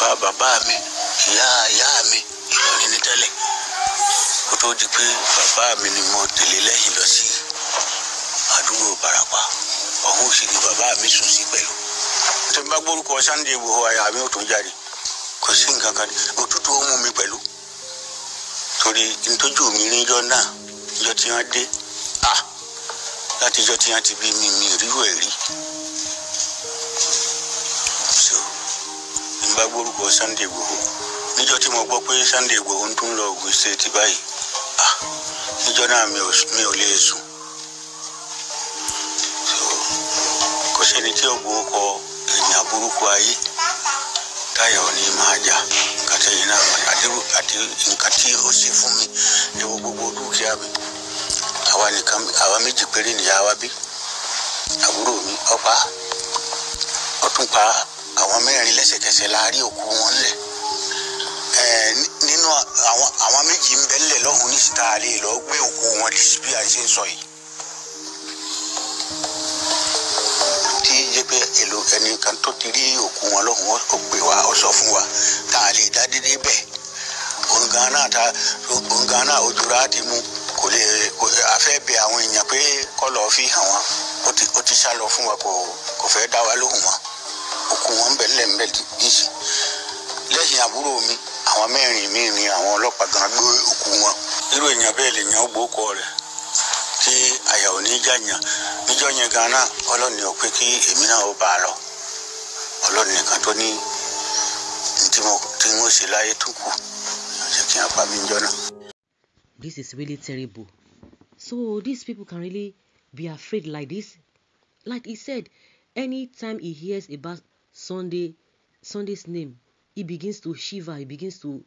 bàbá bàbá mi ìyá ìyá mi Ìlọrin ní tẹ́lẹ̀ kó tó di pé bàbá mi ni mo tẹ̀lé lẹ́yìn lọ sí àdúgbò Ìbàràpá ọ̀hún sì ni bàbá mi sùn sí pẹ̀lú tí n bá gbórúkọ Sunday Igboho àyà mi ò tó jáde kò sí nǹkan kan òtútù ó mú mi pẹ̀lú torí ntójú mi níjọ náà ìjọ tí wọ́n dé ah láti ìjọ tí wọ́n ti bí mi mi ríro ẹ̀ rí. n bá gbórúkọ Sunday Igboho níjọ́ tí mo gbọ́ pé Sunday Igboho ń tún lọ Ògùn state báyìí ah níjọ́ náà mi ò lè sùn kò sẹ́ni tí ògbóhùn kọ ènìyàn burúkú ayé táyà ò ní máa jà kàtẹ́yìn náà àdérò àti nǹkan tí ó ṣe fún mi ewu gbogbo dúkìá mi àwa nìkan àwa méjì péré nìyá wa bí àbúrò mi ọ̀pá ọ̀túnpá àwọn mẹ́rin lẹ́sẹ̀kẹsẹ̀ la rí òkú wọn lẹ̀ nínú àwọn méjì ń bẹ́lẹ̀ lọ́hùn ní síta àlè lọ gbé òkú wọn dì bí a ṣe ń sọ yìí. tí jẹ́ pé èlò ẹnìkan tó ti rí òkú wọn lọ́hùn ó pè wá ó sọ fún wa tá a lè dá dédé bẹ́ẹ̀ òǹgàn náà ta òǹgàn náà ojú ra ti mú kò lè afẹ́ bẹ àwọn èèyàn pé kọ́ lọ́ọ́ fi hàn wọ́n ó ti sá lọ fún wa kò fẹ́ dá wa lóhùn wọn kó wọn bẹ̀lẹ̀ ń bẹ̀ níṣì lẹ́yìn àbúrò mi àwọn mẹ́rin mi àwọn ọlọ́pàá gan gbé òkú wọn irú èèyàn bẹ́ẹ̀ lè yan gbókọ rẹ̀ tí àyà ò ní jàyàn níjọ́ yẹn gan ọlọ́ni ò pé kí èmi náà ó bá a lọ ọlọ́ni nìkan tó ní tí mo tí mo ṣe láyé tó kù ṣe kí n pa mí jọ náà. This is really terrible. So these people can really be afraid like this. Like he said, anytime he hears about Sunday, Sunday's name, he begins to shiver. He begins to,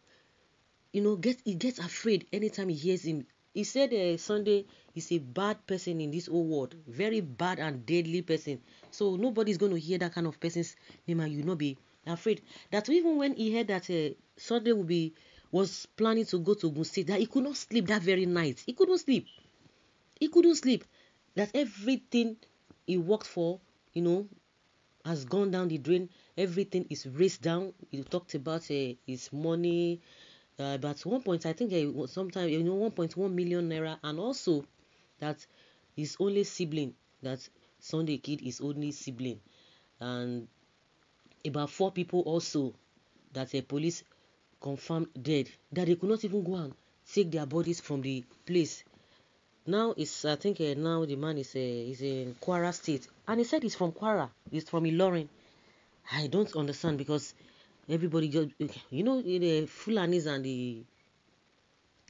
you know, get he gets afraid anytime he hears him. He said uh, Sunday is a bad person in this whole world, very bad and deadly person. So nobody's going to hear that kind of person's name, and you not be afraid. That even when he heard that uh, Sunday would be was planning to go to Ogun State, that he could not sleep that very night. He couldn't sleep. He couldn't sleep. That everything he worked for, you know, has gone down the drain. Everything is raced down. You talked about uh, his money, uh, but one point I think eh, it you know 1.1 million naira, and also that his only sibling that Sunday Kid is only sibling, and about four people also that the eh, police confirmed dead that they could not even go and take their bodies from the place now it's I think uh, now the man is uh, is in Kwara State, and he said he's from Kwara. He's from Ilorin. I don't understand because everybody just you know the Fulanis and the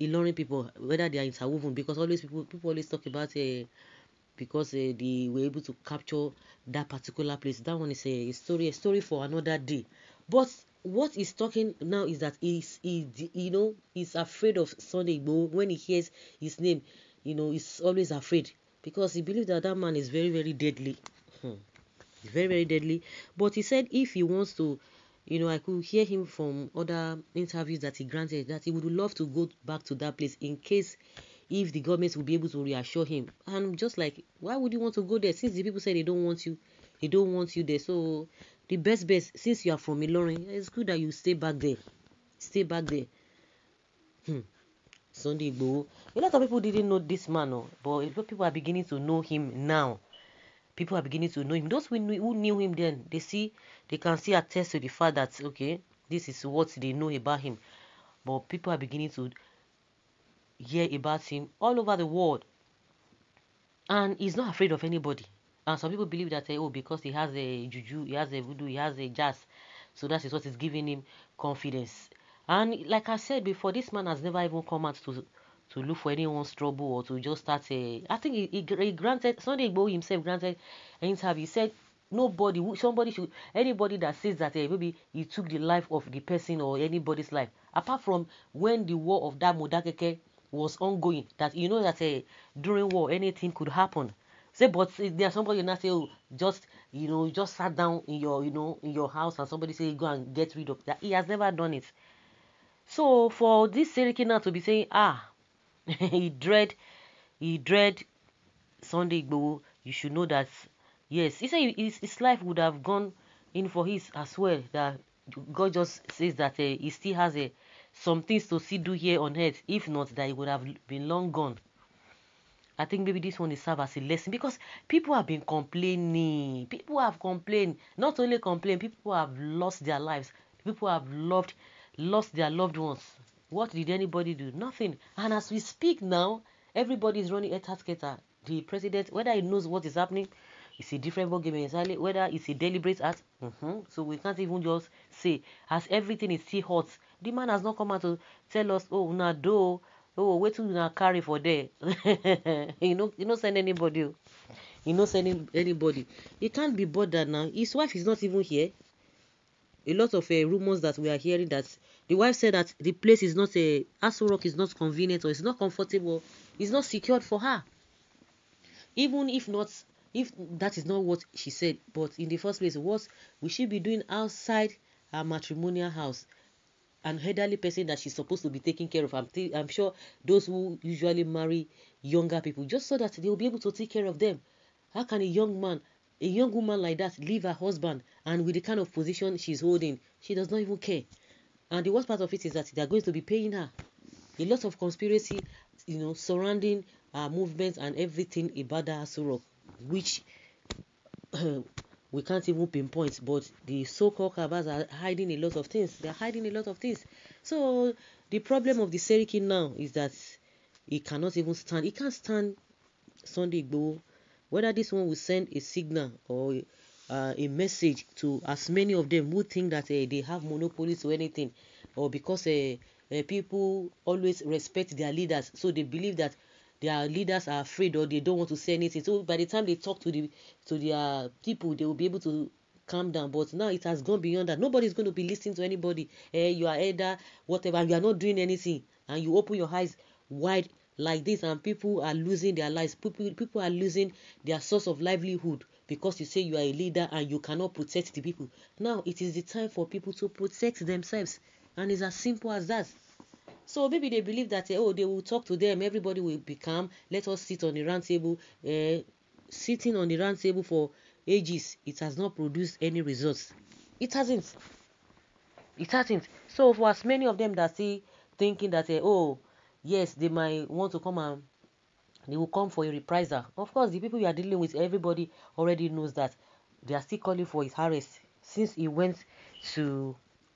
Ilorin people whether they are interwoven because always people people always talk about uh, because uh, they were able to capture that particular place. That one is a, a story a story for another day. But what he's talking now is that he's he, you know he's afraid of Sunday when he hears his name you know, is always afraid because he believes that that man is very, very deadly. Hmm. very, very deadly. But he said if he wants to, you know, I could hear him from other interviews that he granted that he would love to go back to that place in case if the government will be able to reassure him. And just like, why would you want to go there since the people say they don't want you? They don't want you there. So the best best since you are from Ilorin, it's good that you stay back there. Stay back there. Hmm. Sunday Igboho. A lot of people didn't know this man, oh, but people are beginning to know him now. People are beginning to know him. Those who knew, who knew him then, they see, they can see attest to the fact that okay, this is what they know about him. But people are beginning to hear about him all over the world, and he's not afraid of anybody. And some people believe that eh, oh, because he has a juju, he has a voodoo, he has a jazz, so that is what is giving him confidence and like I said before, this man has never even come out to to look for anyone's trouble or to just start a. I think he, he, he granted Sunday boy himself granted an interview. He said nobody, somebody should, anybody that says that hey, eh, maybe he took the life of the person or anybody's life, apart from when the war of that Modakeke was ongoing, that you know that hey, eh, during war anything could happen. Say, but eh, there's somebody now say, oh, just you know, just sat down in your you know in your house and somebody say go and get rid of that. He has never done it. So for this Seriki now to be saying, ah, he dread, he dread Sunday Igboho, you should know that, yes, he said his, his life would have gone in for his as well. That God just says that uh, he still has uh, some things to see do here on earth. If not, that he would have been long gone. I think maybe this one is serve as a lesson because people have been complaining. People have complained. Not only complained, people have lost their lives. People have loved lost their loved ones. What did anybody do? Nothing. And as we speak now, everybody is running tasker. The president, whether he knows what is happening, it's a different ballgame entirely. Whether it's a deliberate act, mm-hmm. so we can't even just say, as everything is still hot. The man has not come out to tell us, oh, una do, oh, wait till una carry for there. you know, you know, send anybody. You oh. know, send anybody. He can't be bothered now. His wife is not even here a lot of uh, rumors that we are hearing that the wife said that the place is not a Aso Rock is not convenient or it's not comfortable, it's not secured for her. Even if not, if that is not what she said, but in the first place, what we should be doing outside her matrimonial house? An elderly person that she's supposed to be taking care of. I'm, I'm sure those who usually marry younger people just so that they'll be able to take care of them. How can a young man a young woman like that leave her husband and with the kind of position she's holding, she does not even care. And the worst part of it is that they're going to be paying her. A lot of conspiracy, you know, surrounding her movements and everything about her Asura, which we can't even pinpoint, but the so-called Kabas are hiding a lot of things. They're hiding a lot of things. So the problem of the Seriki now is that he cannot even stand. He can't stand Sunday go whether this one will send a signal or uh, a message to as many of them who think that uh, they have monopolies or anything or because uh, people always respect their leaders so they believe that their leaders are afraid or they don't want to say anything so by the time they talk to the to their people they will be able to calm down but now it has gone beyond that nobody is going to be listening to anybody you are either whatever you are not doing anything and you open your eyes wide like this and people are losing their lives people, people are losing their source of livelihood because you say you are a leader and you cannot protect the people now it is the time for people to protect themselves and it's as simple as that so maybe they believe that eh, oh they will talk to them everybody will be calm let us sit on the round table eh, sitting on the round table for ages it has not produced any results it hasn't it hasn't so for as many of them that say thinking that eh, oh yes they might want to come and they will come for a reprisal of course the people you are dealing with everybody already knows that they are still calling for his arrest since he went to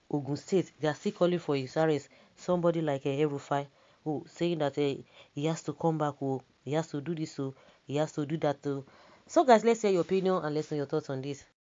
ogun state they are still calling for his arrest somebody like a uh, eh, Erufai who saying that uh, he has to come back or oh, he has to do this or oh, he has to do that oh. so guys let's hear your opinion and let's know your thoughts on this